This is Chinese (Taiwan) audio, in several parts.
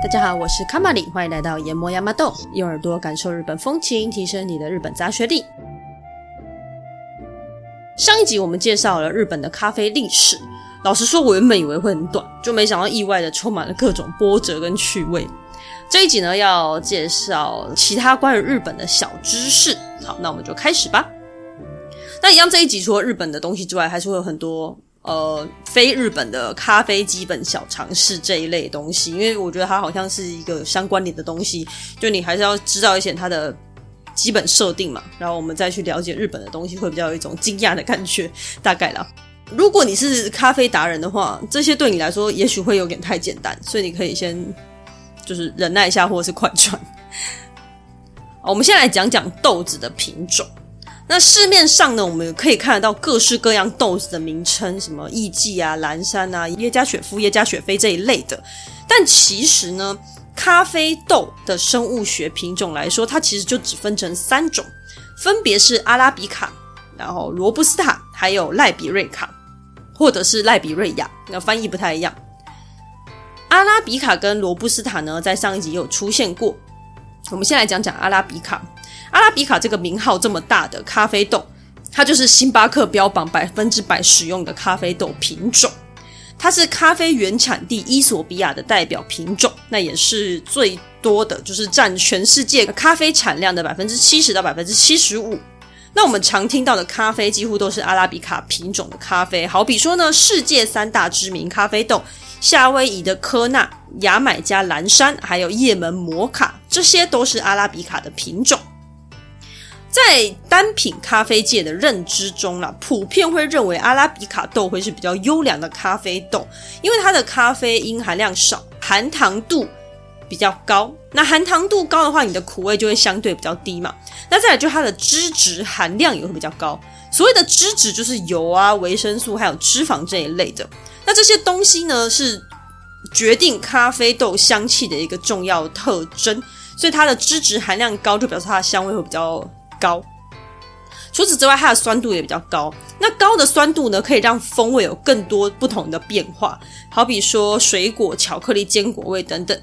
大家好，我是卡瑪麗，歡迎來到研磨牙麻豆，用耳朵感受日本風情，提升你的日本雜學力。上一集我們介紹了日本的咖啡歷史，老實說，我原本以為會很短，就沒想到意外的充滿了各種波折跟趣味。這一集呢，要介紹其他關於日本的小知識。好，那我們就開始吧。那一樣，這一集除了日本的東西之外，還是會有很多。呃，非日本的咖啡基本小常識這一類東西，因為我覺得它好像是一個相關聯的東西，就你還是要知道一些它的基本設定嘛，然後我們再去了解日本的東西，會比較有一種驚訝的感覺，大概啦。如果你是咖啡達人的話，這些對你來說也許會有點太簡單，所以你可以先就是忍耐一下，或者是快轉。好， 我們先來講講豆子的品種。那市面上呢，我們可以看得到各式各樣豆子的名稱，什麼藝伎啊、藍山啊、耶加雪夫、耶加雪菲這一類的。但其實呢，咖啡豆的生物學品種來說，它其實就只分成三種，分別是阿拉比卡、然後羅布斯塔，還有賴比瑞卡，或者是賴比瑞亞。那翻譯不太一樣。阿拉比卡跟羅布斯塔呢，在上一集也有出現過。我們先來講講阿拉比卡。阿拉比卡這個名號這麼大的咖啡豆，它就是星巴克標榜百分之百使用的咖啡豆品種。它是咖啡原產地伊索比亞的代表品種，那也是最多的，就是佔全世界咖啡產量的百分之七十到百分之七十五。那我們常聽到的咖啡幾乎都是阿拉比卡品種的咖啡。好比說呢，世界三大知名咖啡豆，夏威夷的科納、牙買加藍山，還有葉門摩卡，這些都是阿拉比卡的品種。在單品咖啡界的認知中啦，普遍會認為阿拉比卡豆會是比較優良的咖啡豆，因為它的咖啡因含量少，含糖度比較高。那含糖度高的話，你的苦味就會相對比較低嘛。那再來就它的脂質含量也會比較高。所謂的脂質就是油啊、維生素還有脂肪這一類的。那這些東西呢，是決定咖啡豆香氣的一個重要特徵。所以它的脂質含量高，就表示它的香味會比較。高。除此之外，它的酸度也比較高。那高的酸度呢，可以讓風味有更多不同的變化，好比說水果、巧克力、堅果味等等。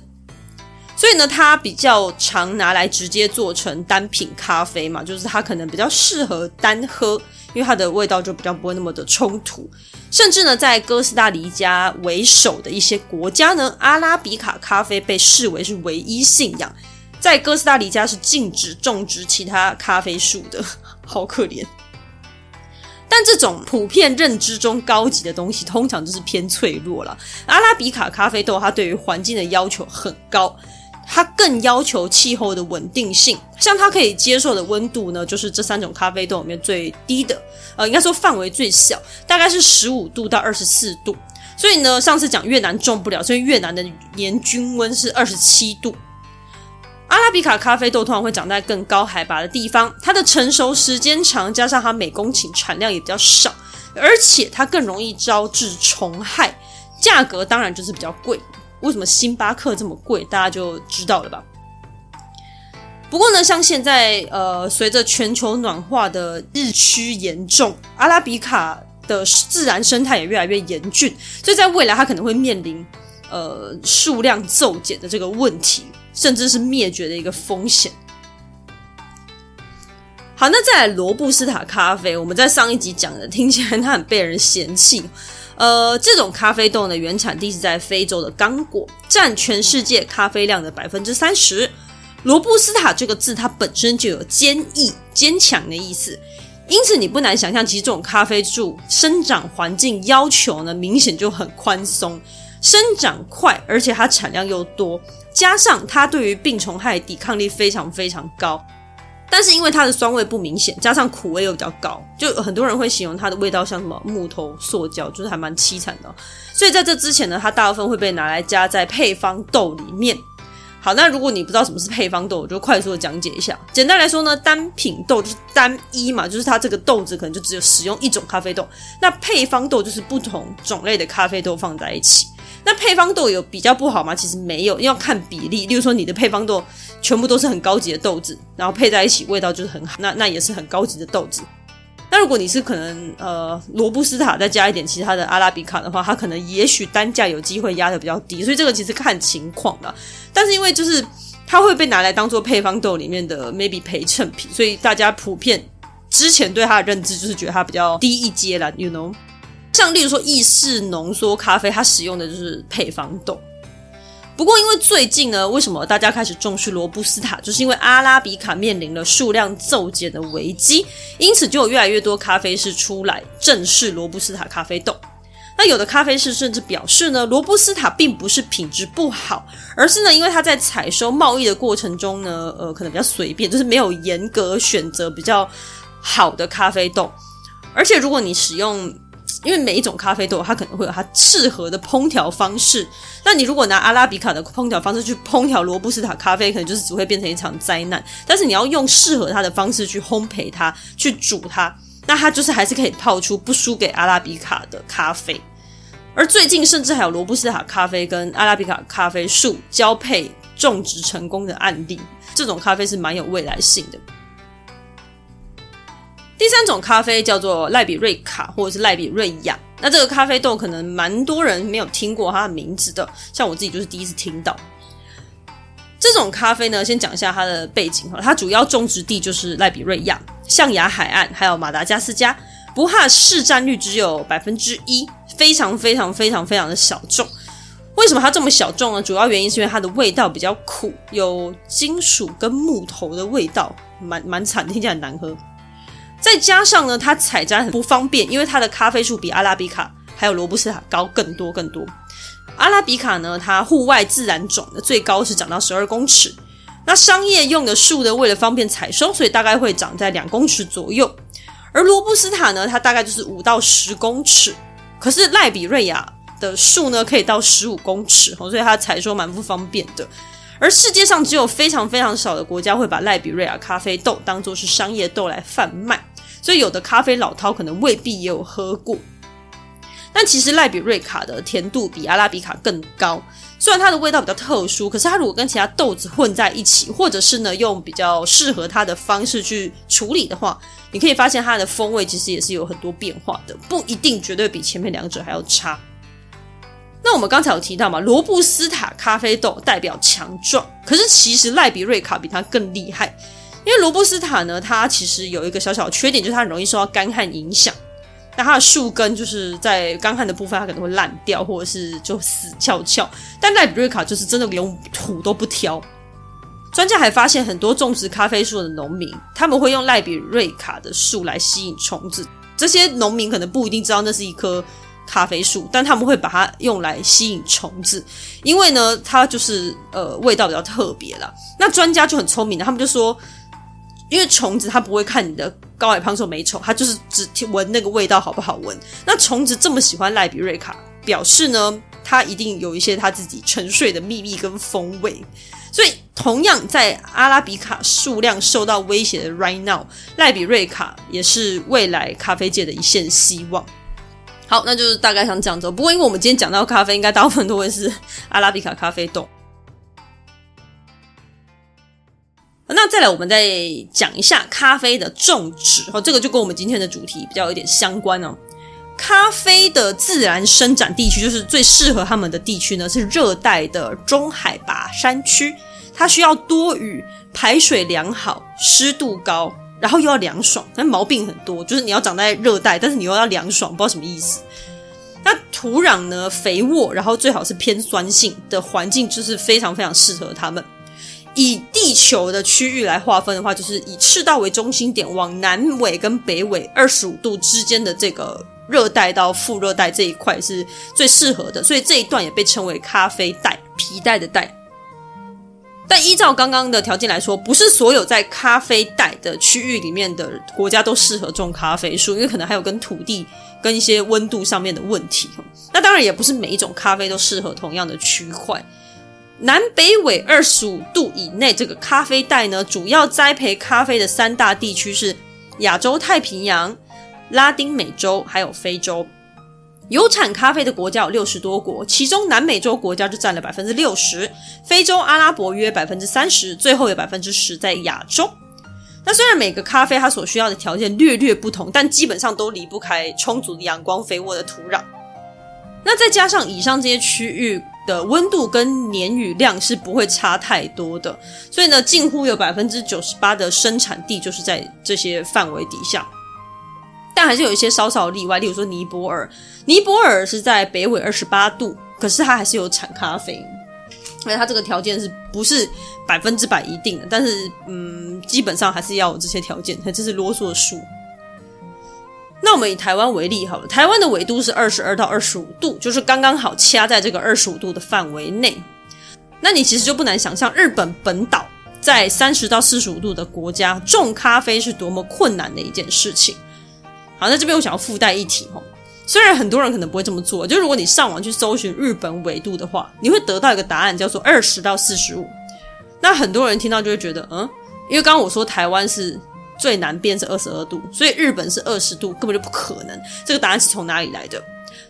所以呢，它比較常拿來直接做成單品咖啡嘛，就是它可能比較適合單喝，因為它的味道就比較不會那麼的衝突。甚至呢，在哥斯達黎加為首的一些國家呢，阿拉比卡咖啡被視為是唯一信仰。在哥斯達黎加是禁止種植其他咖啡樹的，好可憐。但這種普遍認知中高級的東西，通常就是偏脆弱啦。阿拉比卡咖啡豆，它對於環境的要求很高，它更要求氣候的穩定性。像它可以接受的溫度呢，就是這三種咖啡豆裡面最低的，呃，應該說範圍最小，大概是十五度到二十四度。所以呢，上次講越南種不了，所以越南的年均溫是二十七度。阿拉比卡咖啡豆通常會長在更高海拔的地方，它的成熟時間長，加上它每公頃產量也比較少，而且它更容易招致蟲害，價格當然就是比較貴。為什麼星巴克這麼貴，大家就知道了吧？不過呢，像現在呃，隨着全球暖化的日趨嚴重，阿拉比卡的自然生態也越來越嚴峻，所以在未來它可能會面臨呃數量驟減的這個問題。甚至是滅絕的一個風險。好，那再來羅布斯塔咖啡，我們在上一集講的，聽起來它很被人嫌棄。呃，這種咖啡豆呢，原產地是在非洲的剛果，占全世界咖啡量的百分之三十。羅布斯塔這個字，它本身就有堅毅、堅強的意思，因此你不難想象，其實這種咖啡樹生長環境要求呢，明顯就很寬鬆。生長快，而且它產量又多，加上它對於病蟲害抵抗力非常非常高，但是因為它的酸味不明顯，加上苦味又比較高，就很多人會形容它的味道像什麼木頭、塑膠，就是還蠻淒慘的。所以在這之前呢，它大部分會被拿來加在配方豆裡面。好，那如果你不知道什麼是配方豆，我就快速的講解一下。簡單來說呢，單品豆就是單一嘛，就是它這個豆子可能就只有使用一種咖啡豆。那配方豆就是不同種類的咖啡豆放在一起。那配方豆有比較不好嗎？其實沒有，因為要看比例。例如說你的配方豆全部都是很高級的豆子，然後配在一起味道就是很好。那那也是很高級的豆子。那如果你是可能呃羅布斯塔再加一點其他的阿拉比卡的話，它可能也許單價有機會壓得比較低，所以這個其實看情況啦。但是因為就是它會被拿來當做配方豆裡面的 maybe 陪襯品，所以大家普遍之前對它的認知就是覺得它比較低一階啦，you know？像例如說意式濃縮咖啡，它使用的就是配方豆。不過，因為最近呢，為什麼大家開始重視羅布斯塔？就是因為阿拉比卡面臨了數量驟減的危機，因此就有越來越多咖啡師出來正視羅布斯塔咖啡豆。那有的咖啡師甚至表示呢，羅布斯塔並不是品質不好，而是呢，因為它在採收貿易的過程中呢，呃，可能比較隨便，就是沒有嚴格選擇比較好的咖啡豆，而且如果你使用。因為每一種咖啡豆，它可能會有它適合的烹調方式。那你如果拿阿拉比卡的烹調方式去烹調羅布斯塔咖啡，可能就是只會變成一場災難。但是你要用適合它的方式去烘焙它、去煮它，那它就是還是可以泡出不輸給阿拉比卡的咖啡。而最近甚至還有羅布斯塔咖啡跟阿拉比卡咖啡樹交配種植成功的案例，這種咖啡是蠻有未來性的。第三種咖啡叫做賴比瑞卡，或者是賴比瑞亞。那這個咖啡豆可能蠻多人沒有聽過它的名字的，像我自己就是第一次聽到。這種咖啡呢，先講一下它的背景哈。它主要種植地就是賴比瑞亞、象牙海岸，還有馬達加斯加。不過它的市占率只有百分之一，非常非常非常非常的小眾。為什麼它這麼小眾呢？主要原因是因為它的味道比較苦，有金屬跟木頭的味道，蠻蠻慘，聽起來很難喝。再加上呢，它採摘很不方便，因為它的咖啡樹比阿拉比卡還有羅布斯塔高更多更多。阿拉比卡呢，它戶外自然種的最高是長到十二公尺，那商業用的樹呢，為了方便採收，所以大概會長在兩公尺左右。而羅布斯塔呢，它大概就是五到十公尺。可是賴比瑞亞的樹呢，可以到十五公尺哦，所以它採收蠻不方便的。而世界上只有非常非常少的國家會把賴比瑞亞咖啡豆當做是商業豆來販賣。所以有的咖啡老饕可能未必也有喝過，但其實賴比瑞卡的甜度比阿拉比卡更高。雖然它的味道比較特殊，可是它如果跟其他豆子混在一起，或者是呢，用比較適合它的方式去處理的話，你可以發現它的風味其實也是有很多變化的，不一定絕對比前面兩者還要差。那我們剛才有提到嘛，羅布斯塔咖啡豆代表強壯，可是其實賴比瑞卡比它更厲害。因為羅布斯塔呢，它其實有一個小小的缺點，就是它很容易受到乾旱影響。那它的樹根就是在乾旱的部分，它可能會爛掉，或者是就死翹翹。但賴比瑞卡就是真的連土都不挑。專家還發現，很多種植咖啡樹的農民，他們會用賴比瑞卡的樹來吸引蟲子。這些農民可能不一定知道那是一棵咖啡樹，但他們會把它用來吸引蟲子，因為呢，它就是呃，味道比較特別啦。那專家就很聰明的，他們就說，因為蟲子它不會看你的高矮胖瘦美醜，它就是只聞那個味道好不好聞。那蟲子這麼喜歡賴比瑞卡，表示呢，它一定有一些它自己沉睡的秘密跟風味。所以，同樣在阿拉比卡數量受到威脅的 right now，賴比瑞卡也是未來咖啡界的一線希望。好，那就是大概像這樣子。不過，因為我們今天講到咖啡，應該大部分都會是阿拉比卡咖啡豆。那再來，我們再講一下咖啡的種植哦，這個就跟我們今天的主題比較有點相關哦。咖啡的自然生長地區，就是最適合他們的地區呢，是熱帶的中海拔山區。它需要多雨、排水良好、濕度高，然後又要涼爽，但毛病很多，就是你要長在熱帶，但是你又要涼爽，不知道什麼意思。那土壤呢，肥沃，然後最好是偏酸性的環境，就是非常非常適合它們。以地球的區域來劃分的話，就是以赤道為中心點，往南緯跟北緯二十五度之間的這個熱帶到副熱帶這一塊是最適合的，所以這一段也被稱為咖啡帶，皮帶的帶。但依照剛剛的條件來說，不是所有在咖啡帶的區域裡面的國家都適合種咖啡樹，因為可能還有跟土地跟一些溫度上面的問題。那當然也不是每一種咖啡都適合同樣的區塊。南北緯二十五度以內，這個咖啡帶呢，主要栽培咖啡的三大地區是亞洲、太平洋、拉丁美洲，還有非洲。有產咖啡的國家有六十多國，其中南美洲國家就占了百分之六十，非洲、阿拉伯約百分之三十，最後有百分之十在亞洲。那雖然每個咖啡它所需要的條件略略不同，但基本上都離不開充足的陽光、肥沃的土壤。那再加上以上這些區域。的溫度跟年雨量是不會差太多的，所以呢，近乎有百分之九十八的生產地就是在這些範圍底下，但還是有一些稍稍例外，例如說尼泊爾，尼泊爾是在北緯二十八度，可是它還是有產咖啡，所以它這個條件是不是百分之百一定的？但是嗯，基本上還是要有這些條件，它這是囉嗦的數。那我們以台灣為例好了，台灣的緯度是二十二到二十五度，就是剛剛好掐在這個二十五度的範圍內。那你其實就不難想象，日本本島在三十到四十五度的國家種咖啡是多麼困難的一件事情。好，那這邊我想要附帶一提哦，雖然很多人可能不會這麼做，就如果你上網去搜尋日本緯度的話，你會得到一個答案叫做二十到四十五。那很多人聽到就會覺得，嗯，因為剛剛我說台灣是。最南邊是二十二度，所以日本是二十度，根本就不可能。這個答案是從哪裡來的？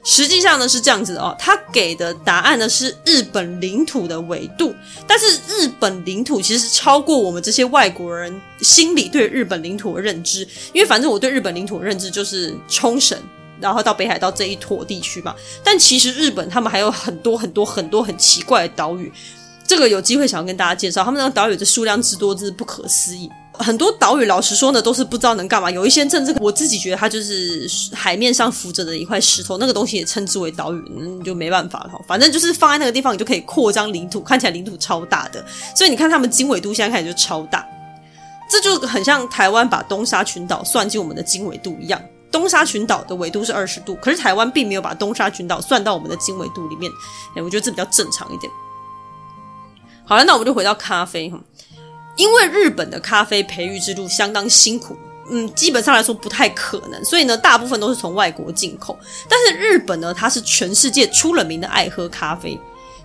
實際上呢是這樣子的哦，他給的答案呢是日本領土的緯度，但是日本領土其實超過我們這些外國人心裡對日本領土的認知。因為反正我對日本領土的認知就是沖繩，然後到北海道這一坨地區嘛。但其實日本他們還有很多很多很多很奇怪的島嶼，這個有機會想要跟大家介紹，他們那個島嶼的數量之多真是不可思議。很多島嶼，老實說呢，都是不知道能幹嘛。有一些甚至，我自己覺得它就是海面上浮着的一塊石頭，那個東西也稱之為島嶼，嗯、就沒辦法了。反正就是放在那個地方，你就可以擴張領土，看起來領土超大的。所以你看，它們經緯度現在看起來就超大，這就很像台灣把東沙群島算進我們的經緯度一樣。東沙群島的緯度是二十度，可是台灣並沒有把東沙群島算到我們的經緯度裡面。誒、嗯、我覺得這比較正常一點。好了，那我們就回到咖啡。因為日本的咖啡培育之路相當辛苦，嗯，基本上來說不太可能，所以呢，大部分都是從外國進口。但是日本呢，它是全世界出了名的愛喝咖啡。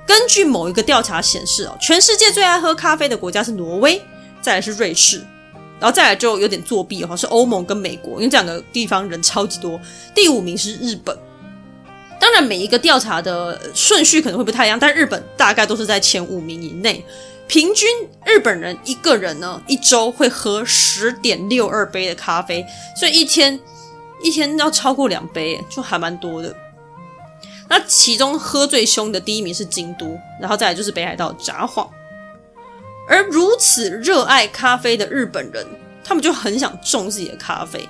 根據某一個調查顯示哦，全世界最愛喝咖啡的國家是挪威，再來是瑞士，然後再來就有點作弊哈，是歐盟跟美國，因為這兩個地方人超級多。第五名是日本。當然，每一個調查的順序可能會不太一樣，但日本大概都是在前五名以內。平均日本人一個人呢，一周會喝十點六二杯的咖啡，所以一天一天要超過兩杯，就還蠻多的。那其中喝最兇的第一名是京都，然後再來就是北海道的札幌。而如此熱愛咖啡的日本人，他們就很想種自己的咖啡。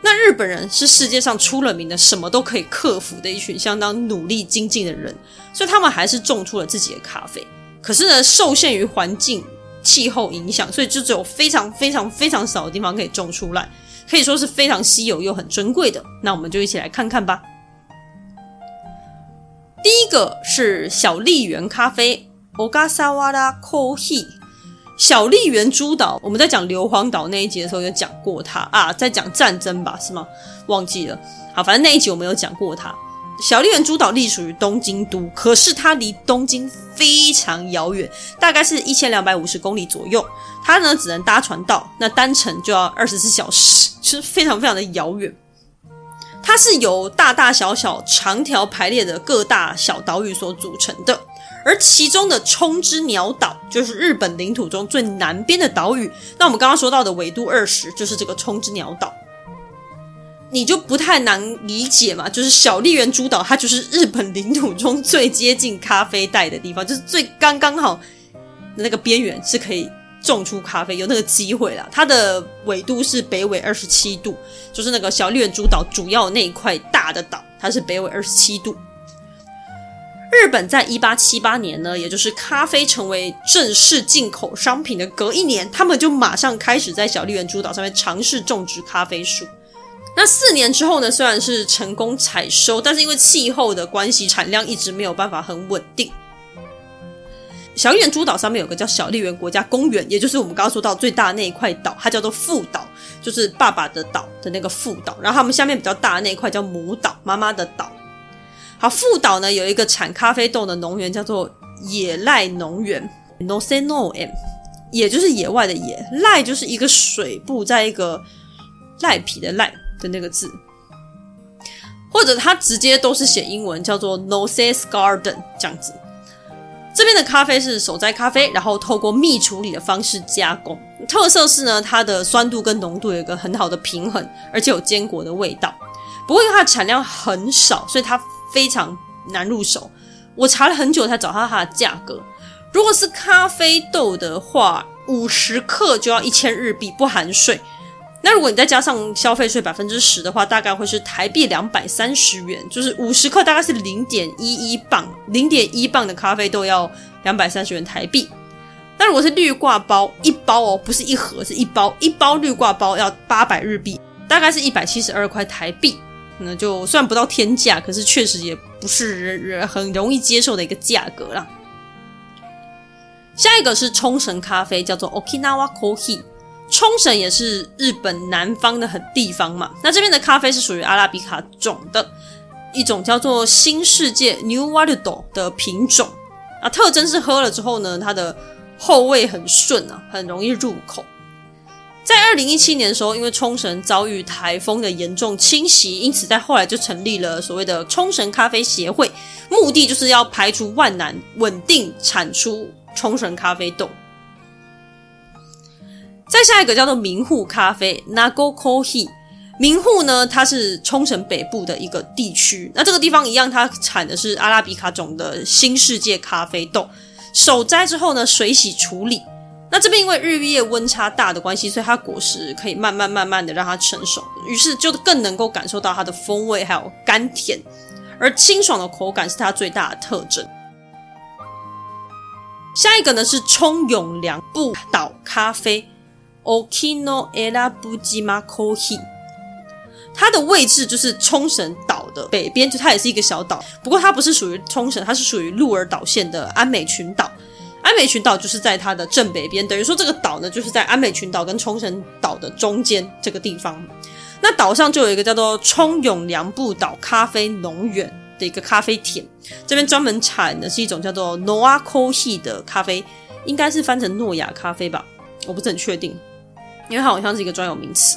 那日本人是世界上出了名的什麼都可以克服的一群相當努力精進的人，所以他們還是種出了自己的咖啡。可是呢，受限於環境、氣候影響，所以就只有非常非常非常少的地方可以種出來，可以說是非常稀有又很珍貴的。那我們就一起來看看吧。第一個是小笠原咖啡 （Ogasawara c o h i e 小笠原珠島，我們在講硫磺島那一集的時候有講過它啊，在講戰爭吧，是嗎？忘記了，好，反正那一集我們有講過它。小笠原諸島隸屬於東京都，可是它離東京非常遙遠，大概是一千兩百五十公里左右。它呢，只能搭船到，那單程就要二十四小時，是非常非常的遙遠。它是由大大小小長條排列的各大小島嶼所組成的，而其中的沖之鳥島就是日本領土中最南邊的島嶼。那我們剛剛說到的緯度二十，就是這個沖之鳥島。你就不太難理解嘛，就是小笠原諸島，它就是日本領土中最接近咖啡帶的地方，就是最剛剛好的那個邊緣是可以種出咖啡，有那個機會啦。它的緯度是北緯二十七度，就是那個小笠原諸島主要那一塊大的島，它是北緯二十七度。日本在一八七八年呢，也就是咖啡成為正式進口商品的隔一年，他們就馬上開始在小笠原諸島上面嘗試種植咖啡樹。那四年之後呢，雖然是成功採收，但是因為氣候的關係，產量一直沒有辦法很穩定。小笠原諸島上面有個叫小笠原國家公園，也就是我們剛剛說到最大那一塊島，它叫做副島，就是爸爸的島的那個副島。然後他們下面比較大的那一塊叫母島，媽媽的島。好，副島呢，有一個產咖啡豆的農園，叫做野賴農園 n o s e No M），也就是野外的野，賴就是一個水部在一個賴皮的賴。的那個字，或者它直接都是寫英文，叫做 Noses Garden 這樣子。這邊的咖啡是手摘咖啡，然後透過蜜處理的方式加工。特色是呢，它的酸度跟濃度有一個很好的平衡，而且有堅果的味道。不過它的產量很少，所以它非常難入手。我查了很久才找到它的價格。如果是咖啡豆的話，五十克就要一千日幣（不含稅）。那如果你再加上消費稅百分之十的話，大概會是台幣兩百三十元，就是五十克大概是零點一一磅，零點一磅的咖啡豆要兩百三十元台幣。那如果是綠掛包一包哦，不是一盒，是一包，一包綠掛包要八百日幣，大概是一百七十二塊台幣。那就算不到天價，可是確實也不是人很容易接受的一個價格啦。下一個是沖繩咖啡，叫做 Okinawa Coffee。沖繩也是日本南方的很地方嘛，那這邊的咖啡是屬於阿拉比卡種的一種叫做新世界 （New w a e r l d 的品種啊，那特徵是喝了之後呢，它的後味很順啊，很容易入口。在二零一七年的時候，因為沖繩遭遇颱風的嚴重侵襲，因此在後來就成立了所謂的沖繩咖啡協會，目的就是要排除萬難，穩定產出沖繩咖啡豆。再下一個叫做名護咖啡，Nagokohi，名護呢，它是沖繩北部的一個地區。那這個地方一樣，它產的是阿拉比卡種的新世界咖啡豆，手摘之後呢，水洗處理。那這邊因為日夜溫差大的關係，所以它果實可以慢慢慢慢的讓它成熟，於是就更能夠感受到它的風味還有甘甜，而清爽的口感是它最大的特徵。下一個呢是沖永良部島咖啡。Okinoerabujima Kohi，它的位置就是沖繩島的北邊，就它也是一個小島。不過它不是屬於沖繩，它是屬於鹿兒島縣的安美群島。安美群島就是在它的正北邊，等於說這個島呢就是在安美群島跟沖繩島的中間這個地方。那島上就有一個叫做沖永良部島咖啡農園的一個咖啡田，這邊專門產的是一種叫做 Noa Kohi 的咖啡，應該是翻成諾亞咖啡吧，我不是很確定。因為它好像是一個專有名詞。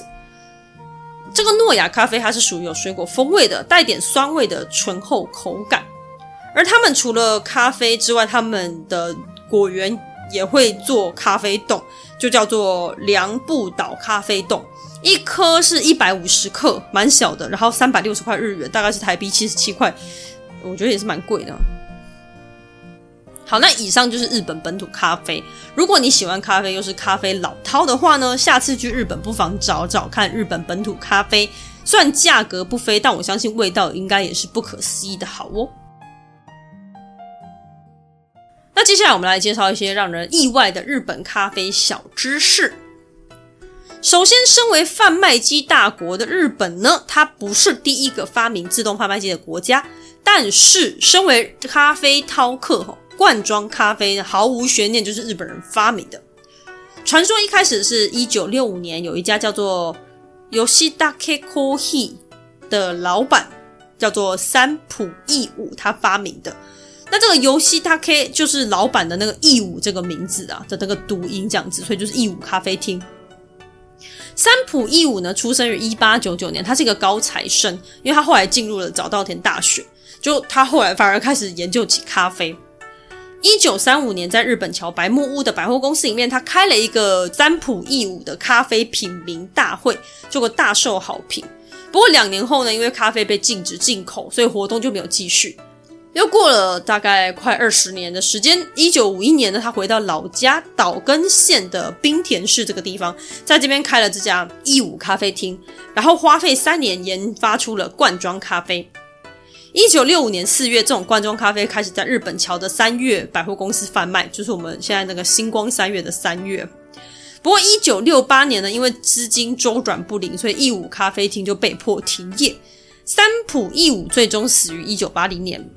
這個諾亞咖啡它是屬於有水果風味的，帶點酸味的醇厚口感。而他們除了咖啡之外，他們的果園也會做咖啡凍，就叫做涼不島咖啡凍。一顆是一百五十克，蠻小的，然後三百六十塊日元，大概是台幣七十七塊，我覺得也是蠻貴的。好，那以上就是日本本土咖啡。如果你喜歡咖啡，又是咖啡老饕的話呢，下次去日本不妨找找看日本本土咖啡，雖然價格不菲，但我相信味道應該也是不可思議的好哦。那接下來我們來介紹一些讓人意外的日本咖啡小知識。首先，身為販賣機大國的日本呢，它不是第一個發明自動販賣機的國家，但是身為咖啡饕客吼。罐裝咖啡毫無懸念，就是日本人發明的。傳說一開始是一九六五年，有一家叫做 “Yoshitake Coffee” 的老板叫做三浦義武，他發明的。那這個 Yoshitake 就是老板的那個義武這個名字啊的那個讀音這樣子，所以就是義武咖啡廳。三浦義武呢，出生於一八九九年，他是一個高材生，因為他後來進入了早稻田大學，就他後來反而開始研究起咖啡。一九三五年，在日本橋白木屋的百貨公司裡面，他開了一個“占卜義武”的咖啡品名大會，結果大受好評。不過兩年後呢，因為咖啡被禁止進口，所以活動就沒有繼續。又過了大概快二十年的時間，一九五一年呢，他回到老家島根縣的濱田市這個地方，在這邊開了這家義武咖啡廳，然後花費三年研發出了罐裝咖啡。一九六五年四月，這種罐裝咖啡開始在日本橋的三越百貨公司販賣，就是我們現在那個星光三越的三越。不過，一九六八年呢，因為資金周轉不靈，所以義武咖啡廳就被迫停業。三浦義武最終死於一九八零年。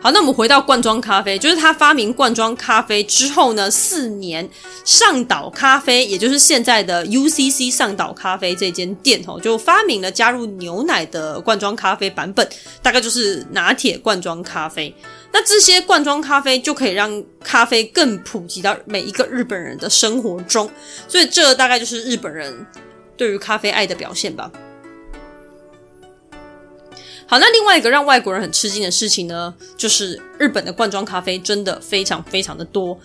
好，那我們回到罐裝咖啡，就是他發明罐裝咖啡之後呢，四年上島咖啡，也就是現在的 UCC 上島咖啡這間店吼，就發明了加入牛奶的罐裝咖啡版本，大概就是拿鐵罐裝咖啡。那這些罐裝咖啡就可以讓咖啡更普及到每一個日本人的生活中，所以這大概就是日本人對於咖啡愛的表現吧。好，那另外一個讓外國人很吃驚的事情呢，就是日本的罐裝咖啡真的非常非常的多。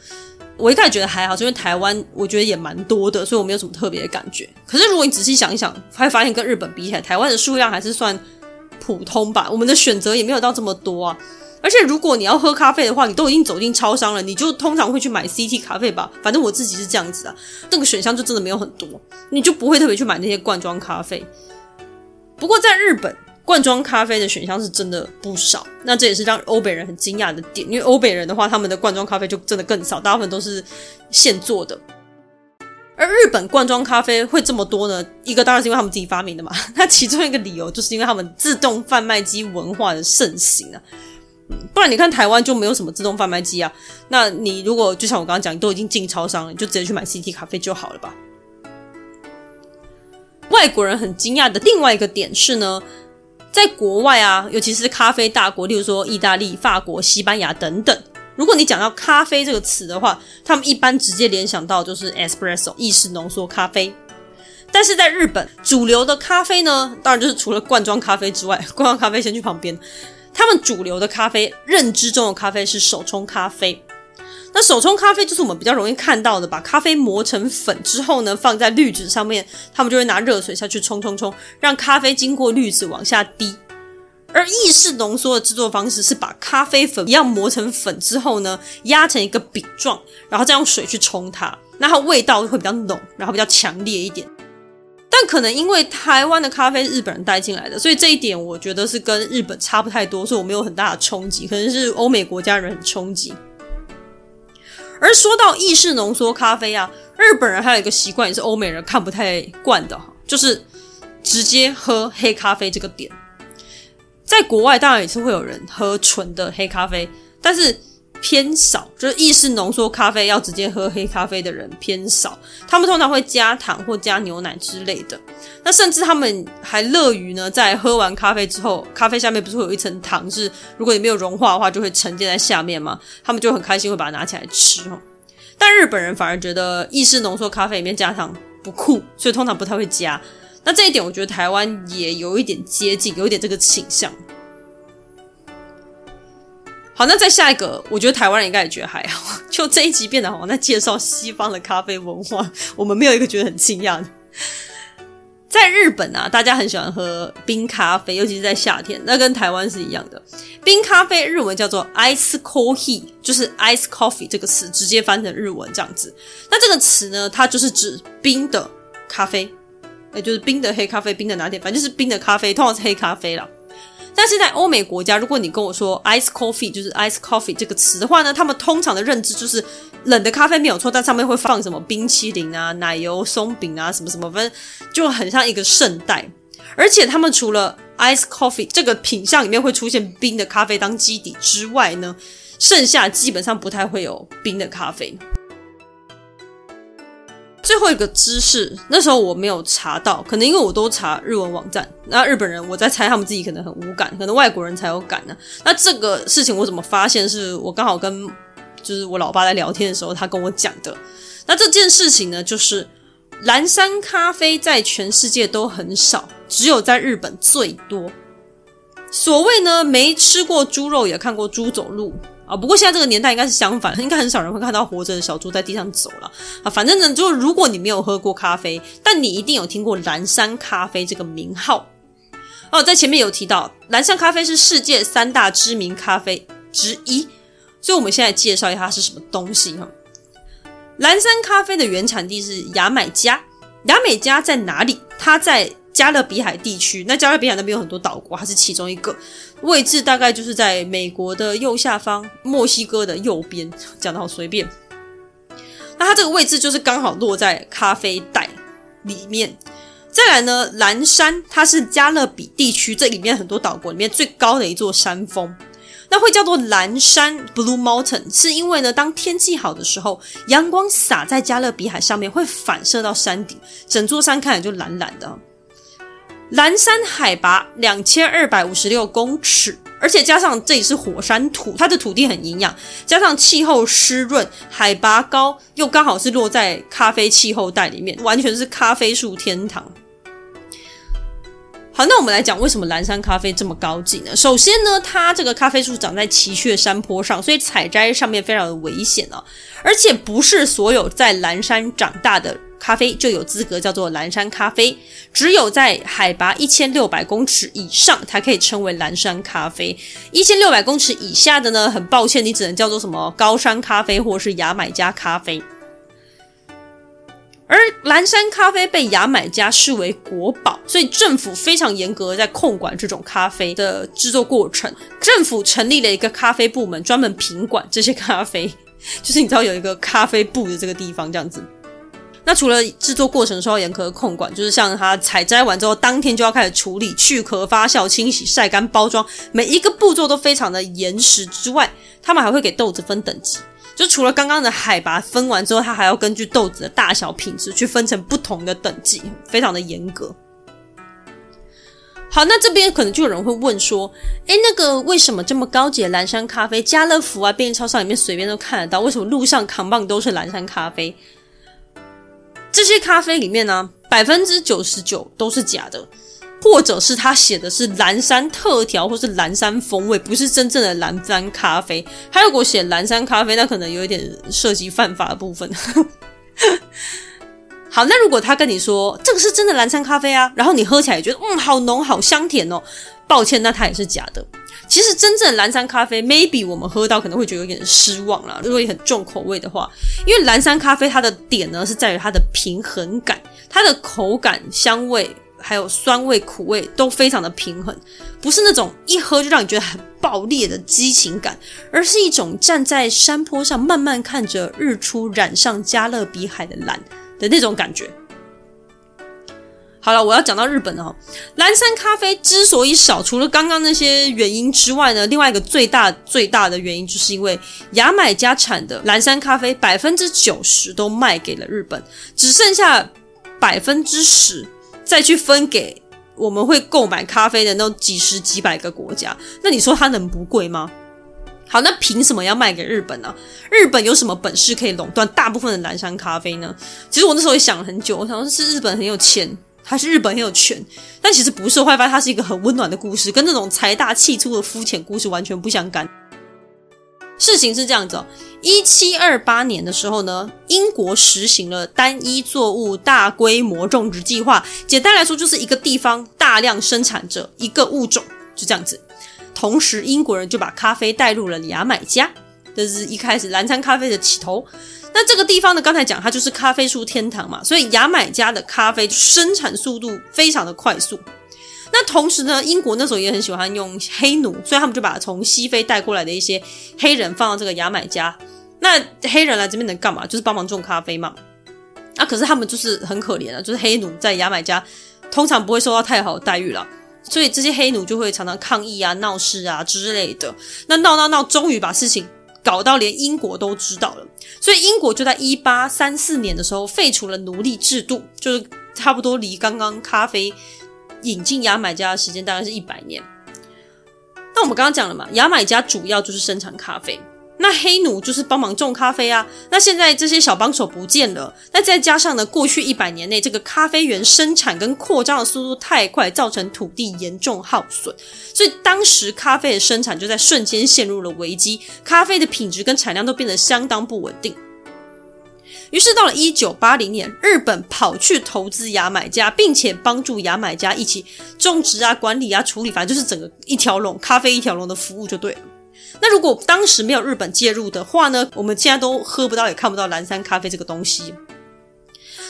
我一開始覺得還好，因為台灣我覺得也蠻多的，所以我沒有什麼特別的感覺。可是如果你仔細想一想，會發現跟日本比起來，台灣的數量還是算普通吧。我們的選擇也沒有到這麼多啊。而且如果你要喝咖啡的話，你都已經走進超商了，你就通常會去買 CT 咖啡吧。反正我自己是這樣子啊，那個選項就真的沒有很多，你就不會特別去買那些罐裝咖啡。不過在日本。罐裝咖啡的選項是真的不少，那這也是讓歐美人很驚訝的點，因為歐美人的話，他們的罐裝咖啡就真的更少，大部分都是現做的。而日本罐裝咖啡會這麼多呢？一個當然是因為他們自己發明的嘛，那其中一個理由就是因為他們自動販賣機文化的盛行啊。不然你看台灣就沒有什麼自動販賣機啊，那你如果就像我剛剛講，你都已經進超商了，你就直接去買 City 咖啡就好了吧。外國人很驚訝的另外一個點是呢。在國外啊，尤其是咖啡大國，例如說意大利、法國、西班牙等等。如果你講到咖啡這個詞的話，他們一般直接聯想到就是 espresso，意式濃縮咖啡。但是在日本，主流的咖啡呢，當然就是除了罐裝咖啡之外，罐裝咖啡先去旁邊。他們主流的咖啡，認知中的咖啡是手沖咖啡。那手沖咖啡就是我們比較容易看到的，把咖啡磨成粉之後呢，放在濾紙上面，他們就會拿熱水下去沖沖沖，讓咖啡經過濾紙往下滴。而意式濃縮的製作方式是把咖啡粉一樣磨成粉之後呢，壓成一個餅狀，然後再用水去沖它。那它味道會比較濃，然後比較強烈一點。但可能因為台灣的咖啡是日本人帶進來的，所以這一點我覺得是跟日本差不太多，所以我沒有很大的衝擊。可能是歐美國家人很衝擊。而說到意式濃縮咖啡啊，日本人還有一個習慣，也是歐美人看不太慣的，就是直接喝黑咖啡這個點。在國外當然也是會有人喝純的黑咖啡，但是，偏少，就是意式濃縮咖啡要直接喝黑咖啡的人偏少，他們通常會加糖或加牛奶之類的。那甚至他們還樂於呢，在喝完咖啡之後，咖啡下面不是會有一層糖，是如果你沒有融化的話，就會沉澱在下面嘛。他們就很開心會把它拿起來吃哦。但日本人反而覺得意式濃縮咖啡裡面加糖不酷，所以通常不太會加。那這一點，我覺得台灣也有一點接近，有一點這個傾向。好，那再下一個，我覺得台灣人應該也覺得還好。就這一集變得好，那介紹西方的咖啡文化，我們沒有一個覺得很驚訝的。在日本啊，大家很喜歡喝冰咖啡，尤其是在夏天，那跟台灣是一樣的。冰咖啡日文叫做 ice coffee，就是 ice coffee 這個詞直接翻成日文這樣子。那這個詞呢，它就是指冰的咖啡，也、欸、就是冰的黑咖啡、冰的拿鐵，反正就是冰的咖啡，通常是黑咖啡啦。但是在歐美國家，如果你跟我說 ice coffee，就是 ice coffee 這個詞的話呢，他們通常的認知就是冷的咖啡沒有錯，但上面會放什麼冰淇淋啊、奶油、鬆餅啊什麼什麼，反正就很像一個聖代。而且他們除了 ice coffee 這個品項裡面會出現冰的咖啡當基底之外呢，剩下基本上不太會有冰的咖啡。最後一個知識，那時候我沒有查到，可能因為我都查日文網站。那日本人，我在猜他們自己可能很無感，可能外國人才有感呢啊。那這個事情我怎麼發現？是我剛好跟就是我老爸在聊天的時候，他跟我講的。那這件事情呢，就是藍山咖啡在全世界都很少，只有在日本最多。所謂呢，沒吃過豬肉也看過豬走路。啊，不過現在這個年代應該是相反，應該很少人會看到活着的小豬在地上走了啊。反正呢，就如果你沒有喝過咖啡，但你一定有聽過藍山咖啡這個名號哦。在前面有提到，藍山咖啡是世界三大知名咖啡之一，所以我們現在介紹一下它是什麼東西哈。藍山咖啡的原產地是牙買加，牙買加在哪裡？它在。加勒比海地區，那加勒比海那邊有很多島國，它是其中一個位置，大概就是在美國的右下方，墨西哥的右邊。講得好隨便。那它這個位置就是剛好落在咖啡帶裡面。再來呢，藍山它是加勒比地區這裡面很多島國裡面最高的一座山峰。那會叫做藍山 （Blue Mountain） 是因為呢，當天氣好的時候，陽光灑在加勒比海上面會反射到山頂，整座山看起來就藍藍的。藍山海拔兩千二百五十六公尺，而且加上這裡是火山土，它的土地很營養，加上氣候濕潤，海拔高，又剛好是落在咖啡氣候帶裡面，完全是咖啡樹天堂。好，那我們來講為什麼藍山咖啡這麼高級呢？首先呢，它這個咖啡樹長在崎嶇的山坡上，所以採摘上面非常的危險哦。而且不是所有在藍山長大的咖啡就有資格叫做藍山咖啡，只有在海拔一千六百公尺以上才可以稱為藍山咖啡。一千六百公尺以下的呢，很抱歉，你只能叫做什麼高山咖啡或者是牙買加咖啡。而藍山咖啡被牙買加視為國寶，所以政府非常嚴格在控管這種咖啡的製作過程。政府成立了一個咖啡部門，專門品管這些咖啡，就是你知道有一個咖啡部的這個地方這樣子。那除了製作過程的時候要嚴格的控管，就是像它採摘完之後當天就要開始處理、去殼、發酵、清洗、曬乾、包裝，每一個步驟都非常的嚴實之外，他們還會給豆子分等級。就除了剛剛的海拔分完之後，它還要根據豆子的大小、品質去分成不同的等級，非常的嚴格。好，那這邊可能就有人會問說：“哎，那個為什麼這麼高級的藍山咖啡，家樂福啊、便利超商裡面隨便都看得到？為什麼路上扛棒都是藍山咖啡？這些咖啡裡面呢，啊，百分之九十九都是假的。”或者是他寫的是藍山特調，或是藍山風味，不是真正的藍山咖啡。他如果寫藍山咖啡，那可能有一點涉及犯法的部分。 好，那如果他跟你說這個是真的藍山咖啡啊，然後你喝起來也覺得嗯，好濃好香甜哦，抱歉，那他也是假的。其實真正的藍山咖啡，maybe 我們喝到可能會覺得有點失望啦，如果你很重口味的話，因為藍山咖啡它的點呢是在於它的平衡感，它的口感、香味。還有酸味、苦味都非常的平衡，不是那種一喝就讓你覺得很爆裂的激情感，而是一種站在山坡上慢慢看着日出染上加勒比海的藍的那種感覺。好啦，我要講到日本哦。藍山咖啡之所以少，除了剛剛那些原因之外呢，另外一個最大最大的原因就是因為牙買加產的藍山咖啡百分之九十都賣給了日本，只剩下百分之十。再去分給我們會購買咖啡的那幾十幾百個國家，那你說它能不貴嗎？好，那憑什麼要賣給日本呢、啊？日本有什麼本事可以壟斷大部分的藍山咖啡呢？其實我那時候也想了很久，我想說是日本很有錢，還是日本很有權？但其實不是，我會發現它是一個很溫暖的故事，跟那種財大氣粗的膚淺故事完全不相干。事情是這樣子哦，一七二八年的時候呢，英國實行了單一作物大規模種植計劃。簡單來說，就是一個地方大量生產着一個物種，就這樣子。同時，英國人就把咖啡帶入了牙買加，這是一開始藍山咖啡的起頭。那這個地方呢，剛才講它就是咖啡樹天堂嘛，所以牙買加的咖啡生產速度非常的快速。那同時呢，英國那時候也很喜歡用黑奴，所以他們就把從西非帶過來的一些黑人放到這個牙買加。那黑人來這邊能幹嘛？就是幫忙種咖啡嘛。啊，可是他們就是很可憐了啊，就是黑奴在牙買加通常不會受到太好的待遇了，所以這些黑奴就會常常抗議啊、鬧事啊之類的。那鬧鬧鬧，終於把事情搞到連英國都知道了。所以英國就在一八三四年的時候廢除了奴隸制度，就是差不多離剛剛咖啡。引進牙買加的時間大概是一百年。那我們剛剛講了嘛，牙買加主要就是生產咖啡，那黑奴就是幫忙種咖啡啊。那現在這些小幫手不見了，那再加上呢，過去一百年內，這個咖啡園生產跟擴張的速度太快，造成土地嚴重耗損，所以當時咖啡的生產就在瞬間陷入了危機，咖啡的品質跟產量都變得相當不穩定。於是到了一九八零年，日本跑去投資牙買加，並且幫助牙買加一起種植啊、管理啊、處理，反正就是整個一條龍，咖啡一條龍的服務就對了。那如果當時沒有日本介入的話呢，我們現在都喝不到也看不到藍山咖啡這個東西。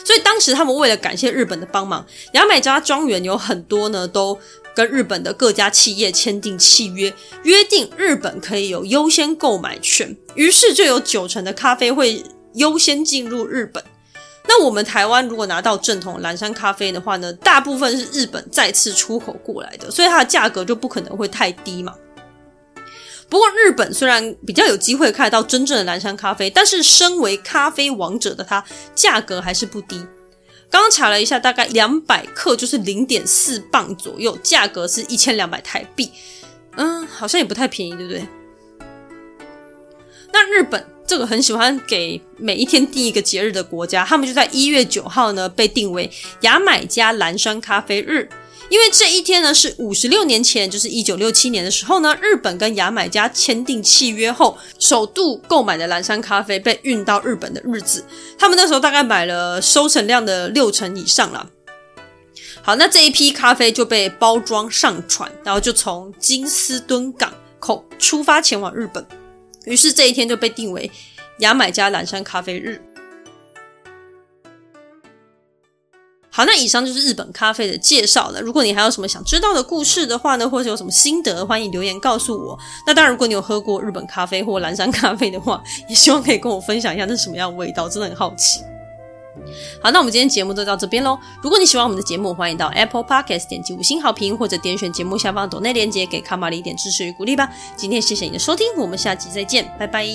所以當時他們為了感謝日本的幫忙，牙買加莊園有很多呢都跟日本的各家企業簽訂契約，約定日本可以有優先購買權。於是就有九成的咖啡會。優先進入日本，那我們台灣如果拿到正統藍山咖啡的話呢，大部分是日本再次出口過來的，所以它的價格就不可能會太低嘛。不過日本雖然比較有機會看得到真正的藍山咖啡，但是身為咖啡王者的它，價格還是不低。剛剛查了一下，大概兩百克就是零點四磅左右，價格是一千兩百台幣，嗯，好像也不太便宜，對不對？那日本。這個很喜歡給每一天定一個節日的國家，他們就在一月九號呢被定為牙買加藍山咖啡日，因為這一天呢是五十六年前，就是一九六七年的時候呢，日本跟牙買加簽訂契約後，首度購買的藍山咖啡被運到日本的日子，他們那時候大概買了收成量的六成以上了。好，那這一批咖啡就被包裝上船，然後就從金斯敦港口出發前往日本。於是這一天就被定為牙買加藍山咖啡日。好，那以上就是日本咖啡的介紹了。如果你還有什麼想知道的故事的話呢，或者有什麼心得，歡迎留言告訴我。那當然，如果你有喝過日本咖啡或藍山咖啡的話，也希望可以跟我分享一下那是什麼樣的味道，真的很好奇。好，那我們今天節目就到這邊嘍。如果你喜歡我們的節目，歡迎到 Apple Podcast 點擊五星好評，或者點選節目下方的抖內鏈接，給卡瑪麗一點支持與鼓勵吧。今天謝謝你的收聽，我們下集再見，拜拜。